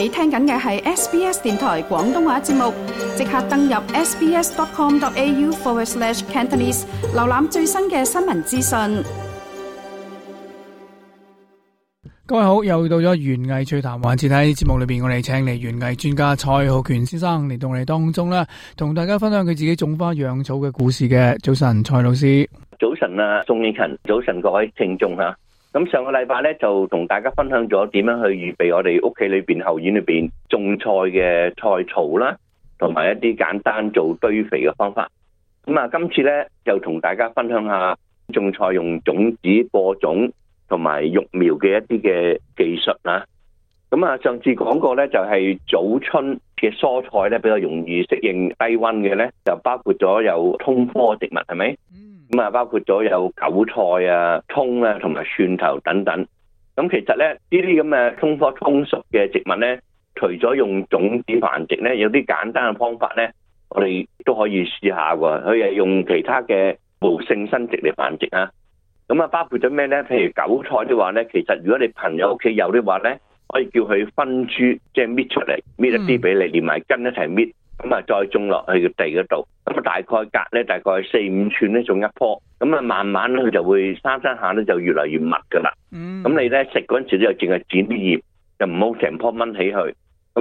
你聽緊嘅係 SBS 電台廣東話節目，即刻登入 sbs.com.au forward slash cantonese，瀏覽最新嘅新聞資訊。各位好，又到咗園藝趣談環節啦！喺節目裏邊，我哋請嚟園藝專家蔡浩權先生嚟到我哋當中啦，同大家分享佢自己種花養草嘅故事嘅。早晨，蔡老師。早晨啊，鍾立勤。早晨，各位聽眾啊。咁上個禮拜咧就同大家分享咗點樣去預備我哋屋企裏邊後院裏邊種菜嘅菜槽啦，同埋一啲簡單做堆肥嘅方法。咁啊，今次咧就同大家分享一下種菜用種子播種同埋育苗嘅一啲嘅技術啊。咁啊，上次講過咧就係早春嘅蔬菜咧比較容易適應低溫嘅咧，就包括咗有葱科植物係咪？咁啊，包括咗有韭菜啊、葱啦、啊，同埋蒜頭等等。咁其實咧，呢啲咁嘅蔥科蔥屬嘅植物咧，除咗用種子繁殖咧，有啲簡單嘅方法咧，我哋都可以試一下喎、啊。佢係用其他嘅無性生殖嚟繁殖啊。咁啊，包括咗咩咧？譬如韭菜的話咧，其實如果你朋友屋企有的話咧，可以叫佢分株，即係搣出嚟，搣一啲俾你，連埋根一齊搣。咁啊，再種落去個地嗰度，咁啊，大概隔咧大概四五寸咧種一樖，咁啊，慢慢咧佢就會生生下咧就越嚟越密噶啦。咁、mm. 你咧食嗰陣時咧就淨係剪啲葉，就唔好成樖掹起去。咁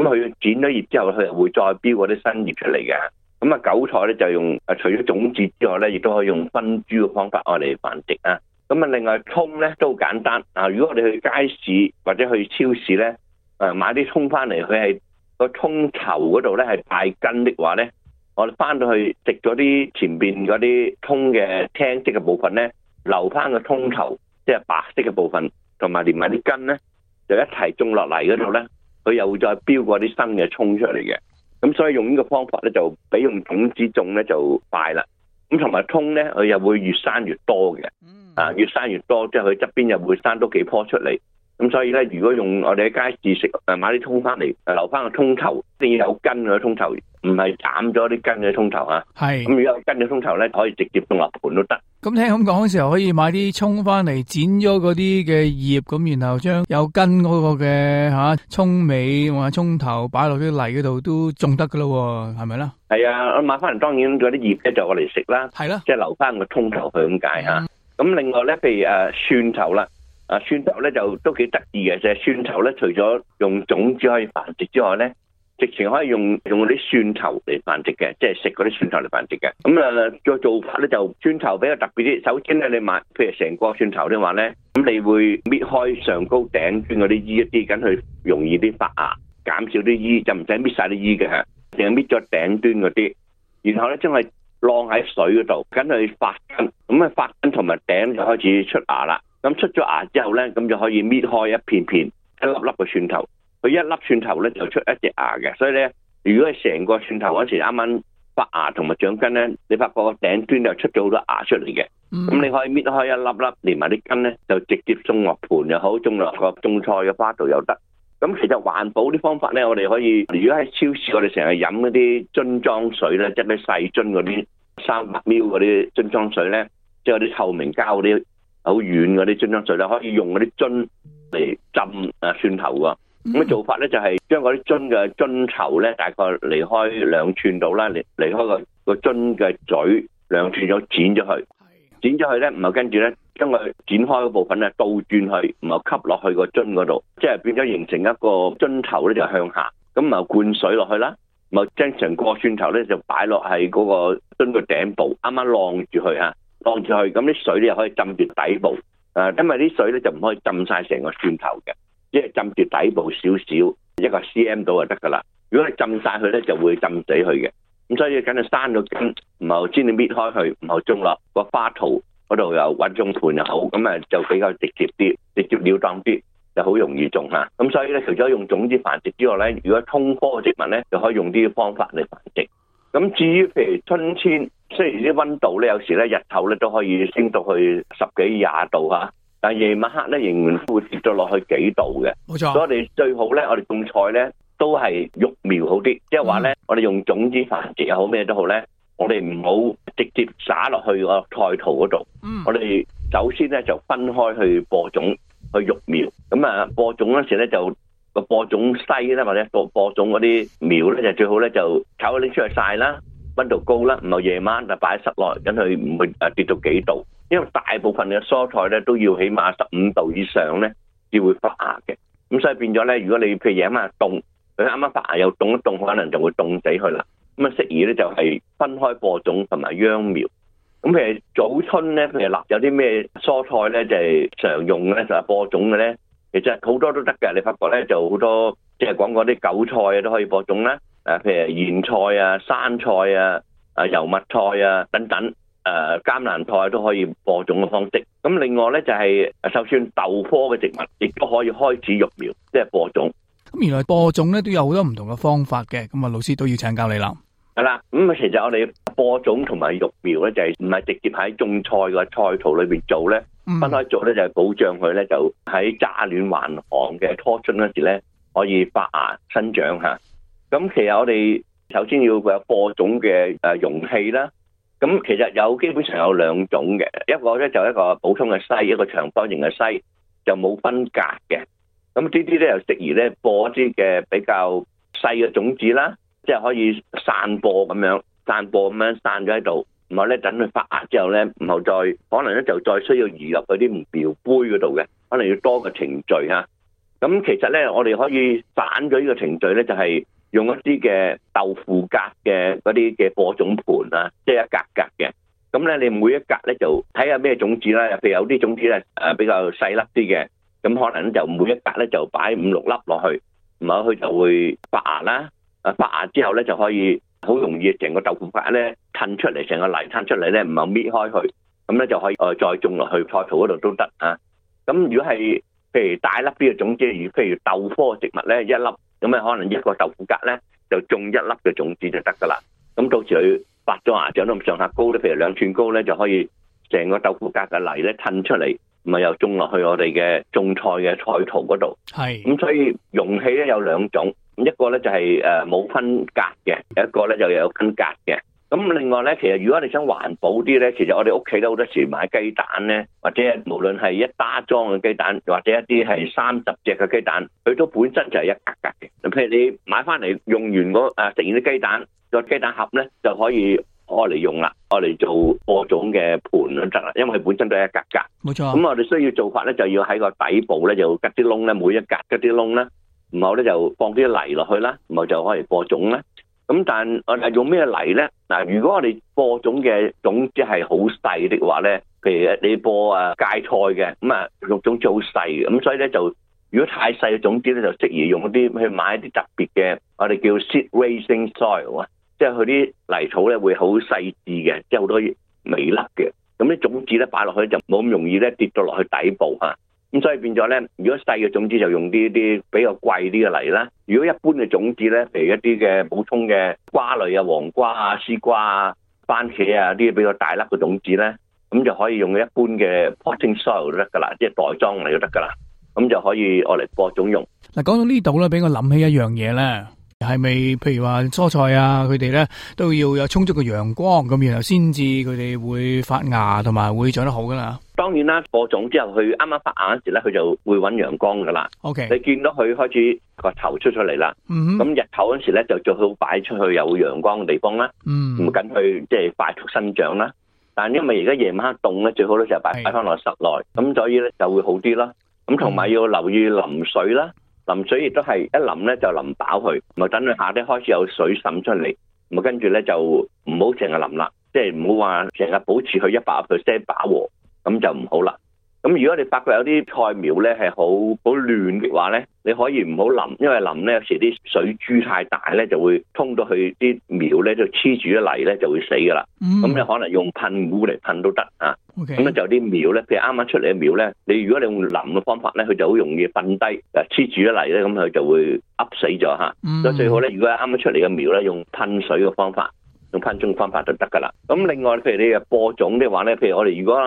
佢剪咗葉之後，佢會再標嗰啲新葉出嚟嘅。咁啊，韭菜咧就用啊除咗種子之外咧，亦都可以用分株嘅方法嚟繁殖啊。咁啊，另外葱咧都好簡單啊。如果我哋去街市或者去超市咧，誒買啲葱翻嚟，佢係。個蔥頭嗰度咧係帶根的話咧，我哋翻到去食咗啲前邊嗰啲蔥嘅青色嘅部分咧，留翻個蔥頭即係、就是、白色嘅部分，同埋連埋啲根咧，就一齊種落嚟嗰度咧，佢又會再飆過啲新嘅蔥出嚟嘅。咁所以用呢個方法咧，就比用種子種咧就快啦。咁同埋蔥咧，佢又會越生越多嘅。嗯。啊，越生越多，即係佢側邊又會生多幾棵出嚟。咁所以咧，如果用我哋喺街市食，誒買啲葱翻嚟，誒留翻個葱頭，一定要有根嘅葱頭，唔係斬咗啲根嘅葱頭啊。係，咁有根嘅葱頭咧，可以直接種落盆都得。咁聽咁講嘅時候，可以買啲葱翻嚟，剪咗嗰啲嘅葉，咁然後將有根嗰個嘅吓葱尾或者葱頭擺落啲泥嗰度都種得噶啦、啊，係咪啦？係啊，買翻嚟當然嗰啲葉咧就我嚟食啦，係啦、啊，即、就、係、是、留翻個葱頭去咁解吓。咁、啊、另外咧，譬如誒、啊、蒜頭啦。啊蒜頭咧就都幾得意嘅，就係蒜頭咧除咗用種子可以繁殖之外咧，直情可以用用嗰啲蒜頭嚟繁殖嘅，即係食嗰啲蒜頭嚟繁殖嘅。咁、嗯、啊再做法咧就蒜頭比較特別啲，首先咧你買譬如成個蒜頭嘅話咧，咁你會搣開上高頂端嗰啲衣一啲，咁去容易啲發芽，減少啲衣就唔使搣晒啲衣嘅吓，淨係搣咗頂端嗰啲，然後咧將佢晾喺水嗰度，咁去發根，咁啊發根同埋頂就開始出芽啦。咁出咗芽之後咧，咁就可以搣開一片片一粒粒嘅蒜頭。佢一粒蒜頭咧就出一隻芽嘅。所以咧，如果係成個蒜頭嗰時啱啱發芽同埋長根咧，你發覺個頂端就出咗好多芽出嚟嘅。咁、嗯、你可以搣開一粒粒，連埋啲根咧，就直接種落盤又好，種落個種菜嘅花度又得。咁其實環保啲方法咧，我哋可以，如果喺超市，我哋成日飲嗰啲樽裝水咧，即係細樽嗰啲三百 ml 嗰啲樽裝水咧，即係啲透明膠嗰啲。好遠嗰啲樽樽水咧，可以用嗰啲樽嚟浸啊蒜頭噶。咁、那、嘅、個、做法咧就係將嗰啲樽嘅樽頭咧，大概離開兩寸度啦，離離開、那個個樽嘅嘴兩寸，咗剪咗佢。剪咗佢咧，唔係跟住咧，將佢剪開嗰部分咧倒轉去，唔係吸落去那個樽嗰度，即係變咗形成一個樽頭咧就向下。咁唔係灌水落去啦，唔係正常過蒜頭咧就擺落喺嗰個樽嘅頂部，啱啱晾住佢啊。放住去，咁啲水咧又可以浸住底部，啊，因為啲水咧就唔可以浸晒成個蒜頭嘅，只係浸住底部少少，一個 cm 度就得噶啦。如果你浸晒佢咧，就會浸死佢嘅。咁所以要梗係生到根，然後先至搣開佢，然後種落個花土嗰度又穩種盆又好，咁啊就比較直接啲，直接了當啲，就好容易種吓。咁所以咧，除咗用種子繁殖之外咧，如果通科植物咧，就可以用啲方法嚟繁殖。咁至於譬如春天。雖然啲溫度咧，有時咧日頭咧都可以升到去十幾廿度吓，但係夜晚黑咧仍然會跌咗落去幾度嘅。冇錯，所以我哋最好咧，我哋種菜咧都係育苗好啲，即係話咧，我哋用種子繁殖又好，咩都好咧，我哋唔好直接撒落去個菜土嗰度。嗯，我哋首先咧就分開去播種去育苗。咁啊，播種嗰時咧就個播種西咧或者播播種嗰啲苗咧就最好咧就炒啲出去曬啦。溫度高啦，唔係夜晚就擺喺室內，等佢唔會誒跌到幾度，因為大部分嘅蔬菜咧都要起碼十五度以上咧，先會發芽嘅。咁所以變咗咧，如果你譬如夜晚凍，佢啱啱發芽又凍一凍，可能就會凍死佢啦。咁啊，適宜咧就係分開播種同埋秧苗。咁譬如早春咧，譬如立有啲咩蔬菜咧，就係常用嘅咧就係播種嘅咧，其實好多都得嘅。你發覺咧就好多，即係講嗰啲韭菜都可以播種啦。啊，譬如鹽菜啊、山菜啊、啊油麥菜啊等等，誒甘藍菜、啊、都可以播種嘅方式。咁另外咧就係，就算、是、豆科嘅植物亦都可以開始育苗，即、就、係、是、播種。咁原來播種咧都有好多唔同嘅方法嘅。咁啊，老師都要請教你啦。係啦，咁、嗯、其實我哋播種同埋育苗咧，就係唔係直接喺種菜嘅菜圃裏邊做咧、嗯，分開做咧就是、保障佢咧就喺乍暖還寒嘅初春嗰時咧，可以發芽生長吓。咁其實我哋首先要播種嘅誒容器啦，咁其實有基本上有兩種嘅，一個咧就一個普通嘅篩，一個長方形嘅篩，就冇分隔嘅。咁呢啲咧又適宜咧播一啲嘅比較細嘅種子啦，即係可以散播咁樣，散播咁樣散咗喺度，然後咧等佢發芽之後咧，然後再可能咧就再需要移入嗰啲苗杯嗰度嘅，可能要多個程序嚇。咁其實咧我哋可以省咗呢個程序咧，就係。用一啲嘅豆腐格嘅嗰啲嘅播種盤啦，即係一格格嘅。咁咧，你每一格咧就睇下咩種子啦。譬如有啲種子咧，誒比較細粒啲嘅，咁可能就每一格咧就擺五六粒落去，然後佢就會發芽啦。啊，發芽之後咧就可以好容易成個豆腐格咧褪出嚟，成個泥褪出嚟咧，唔係搣開佢，咁咧就可以誒再種落去菜圃嗰度都得啊。咁如果係譬如大粒啲嘅種子，如譬如豆科植物咧，一粒。咁咧可能一個豆腐格咧就種一粒嘅種子就得噶啦。咁到時佢發咗芽，長到咁上下高咧，譬如兩寸高咧，就可以成個豆腐格嘅泥咧褪出嚟，咪又種落去我哋嘅種菜嘅菜槽嗰度。係。咁所以容器咧有兩種，咁一個咧就係誒冇分格嘅，有一個咧就有分格嘅。咁另外咧，其實如果你想環保啲咧，其實我哋屋企都好多時買雞蛋咧，或者無論係一打裝嘅雞蛋，或者一啲係三十隻嘅雞蛋，佢都本身就係一格格嘅。譬如你買翻嚟用完嗰誒食完啲雞蛋個雞蛋盒咧，就可以開嚟用啦，我嚟做播種嘅盤都得啦，因為佢本身都係一格格。冇錯。咁我哋需要做法咧，就要喺個底部咧就吉啲窿咧，每一格吉啲窿啦，然後咧就放啲泥落去啦，然後就可以播種啦。咁但啊用咩泥咧嗱？如果我哋播種嘅種子係好細的話咧，譬如你播啊芥菜嘅咁啊，肉種子好細，咁所以咧就如果太細嘅種子咧，就適宜用嗰啲去買一啲特別嘅，我哋叫 seed raising soil 啊，即係佢啲泥土咧會好細致嘅，即係好多微粒嘅，咁啲種子咧擺落去就冇咁容易咧跌咗落去底部啊。咁所以變咗咧，如果細嘅種子就用呢啲比較貴啲嘅嚟啦。如果一般嘅種子咧，譬如一啲嘅補充嘅瓜類啊，黃瓜啊、絲瓜啊、番茄啊，呢啲比較大粒嘅種子咧，咁就可以用一般嘅 potting soil 就得噶啦，即係袋裝嚟就得噶啦。咁就可以我嚟播種用。嗱，講到呢度咧，俾我諗起一樣嘢咧。係咪譬如話蔬菜啊，佢哋咧都要有充足嘅陽光咁，然後先至佢哋會發芽同埋會長得好噶啦。當然啦，播種之後佢啱啱發芽嗰時咧，佢就會搵陽光噶啦。O、okay. K，你見到佢開始個頭出出嚟啦，咁、mm -hmm. 日頭嗰時咧就最好擺出去有陽光嘅地方啦。嗯、mm -hmm.，唔緊要，即係快速生長啦。但係因為而家夜晚黑凍咧，最好咧就擺翻落室內，咁所以咧就會好啲啦。咁同埋要留意淋水啦。Mm -hmm. 淋水亦都係一淋咧就淋飽佢，咪等佢下啲開始有水滲出嚟，咪跟住咧就唔好成日淋啦，即係唔好話成日保持佢一百 percent 飽喎，咁就唔好啦。咁如果你發覺有啲菜苗咧係好好嫩嘅話咧，你可以唔好淋，因為淋咧有時啲水珠太大咧，就會衝到去啲苗咧，就黐住啲泥咧，就會死噶啦。咁、嗯、你可能用噴壺嚟噴都得啊。咁、okay. 咧就啲苗咧，譬如啱啱出嚟嘅苗咧，你如果你用淋嘅方法咧，佢就好容易瞓低，黐住啲泥咧，咁佢就會噏死咗。咁、嗯、最好咧，如果係啱啱出嚟嘅苗咧，用噴水嘅方法，用噴種方法就得噶啦。咁另外，譬如你嘅播種嘅話咧，譬如我哋如果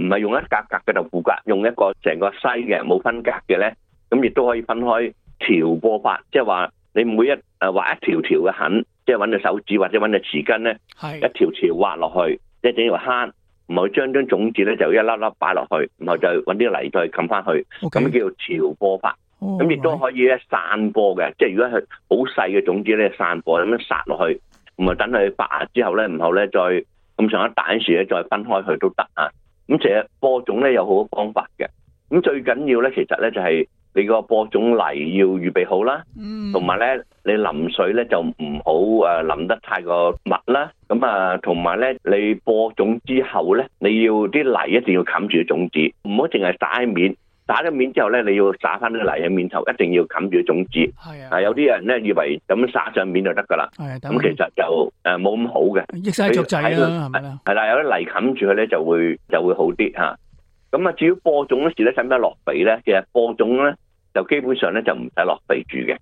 唔係用一格格嘅就護格，用一個成個篩嘅冇分格嘅咧，咁亦都可以分開條播法，即係話你每一誒挖、呃、一條條嘅痕，即係揾隻手指或者揾隻匙羹咧，一條條挖落去，即係整條坑。唔係將將種子咧就一粒粒擺落去，然後就揾啲泥再冚翻去，咁、okay. 叫做條播法。咁、oh, 亦都可以咧散播嘅，oh, right. 即係如果係好細嘅種子咧散播，咁樣撒落去，唔係等佢發芽之後咧，然後咧再咁上一蛋樹咧再分開佢都得啊。咁其實播種咧有好多方法嘅，咁最緊要咧其實咧就係你個播種泥要預備好啦，同埋咧你淋水咧就唔好誒淋得太過密啦，咁啊同埋咧你播種之後咧，你要啲泥一定要冚住啲種子，唔好淨係晒喺面。打咗面之後咧，你要撒翻啲泥喺面頭，一定要冚住個種子。係啊，有啲人咧以為咁撒上面就得噶啦。係啊，咁，其實就誒冇咁好嘅，益曬雀仔啦，係咪啊？係啦，有啲泥冚住佢咧，就會就會好啲嚇。咁啊，至於播種嗰時咧使唔使落肥咧？其實播種咧就基本上咧就唔使落肥住嘅。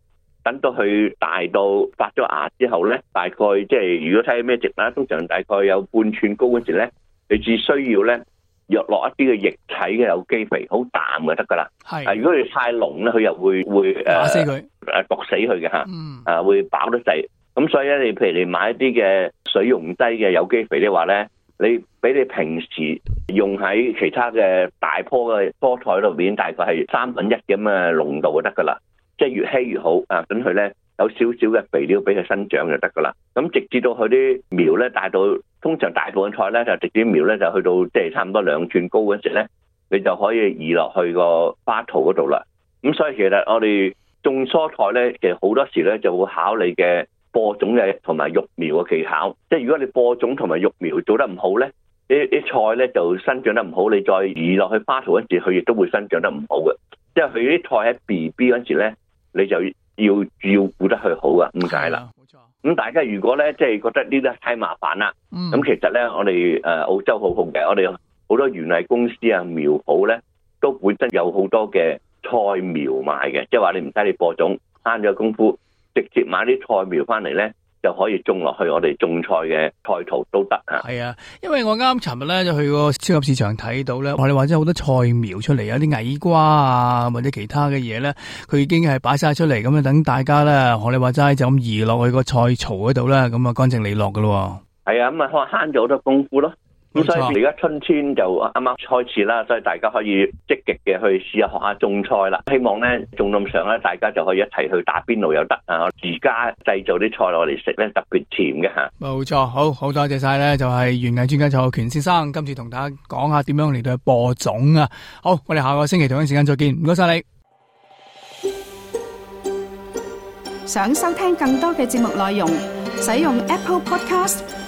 等到佢大到發咗芽之後咧，大概即係、就是、如果睇咩植物啦，通常大概有半寸高嗰時咧，你只需要咧。若落一啲嘅液體嘅有機肥，好淡就得噶啦。係、啊，如果你太濃咧，佢又會會誒毒死佢，㗎、啊，毒死佢嘅嗯。啊、會飽得滯，咁所以咧，你譬如你買一啲嘅水溶劑嘅有機肥嘅話咧，你比你平時用喺其他嘅大棵嘅菠菜度面，大概係三分一咁嘅濃度就得噶啦。即係越稀越好，啊，等佢咧有少少嘅肥料俾佢生長就得噶啦。咁直至到佢啲苗咧大到。通常大部分菜咧就直、是、接苗咧就去到即係差唔多兩寸高嗰時咧，你就可以移落去個花槽嗰度啦。咁所以其實我哋種蔬菜咧，其實好多時咧就會考你嘅播種嘅同埋育苗嘅技巧。即係如果你播種同埋育苗做得唔好咧，你啲菜咧就生長得唔好，你再移落去花槽嗰時，佢亦都會生長得唔好嘅。即係佢啲菜喺 B B 嗰時咧，你就要照顧得佢好啊，咁解啦。咁大家如果咧，即係覺得呢啲太麻煩啦，咁其實咧，我哋誒澳洲好好嘅，我哋好多園藝公司啊、苗圃咧，都本身有好多嘅菜苗賣嘅，即係話你唔使你播種，慳咗功夫，直接買啲菜苗翻嚟咧。就可以種落去我哋種菜嘅菜槽都得啊！係啊，因為我啱尋日咧就去個超級市場睇到咧，我哋話齋好多菜苗出嚟，有啲矮瓜啊或者其他嘅嘢咧，佢已經係擺晒出嚟，咁啊等大家咧，我哋話齋就咁移落去個菜槽嗰度啦，咁啊，乾淨利落噶咯。係啊，咁啊慳咗好多功夫咯。咁所以而家春天就啱啱開始啦，所以大家可以積極嘅去試下學下種菜啦。希望咧種咁上咧，大家就可以一齊去打邊爐又得啊！而家製造啲菜落嚟食咧，特別甜嘅吓。冇錯，好好多謝晒咧，就係園藝專家蔡浩權先生。今次同大家講下點樣嚟到播種啊！好，我哋下個星期同一時間再見。唔該晒你。想收聽更多嘅節目內容，使用 Apple Podcast、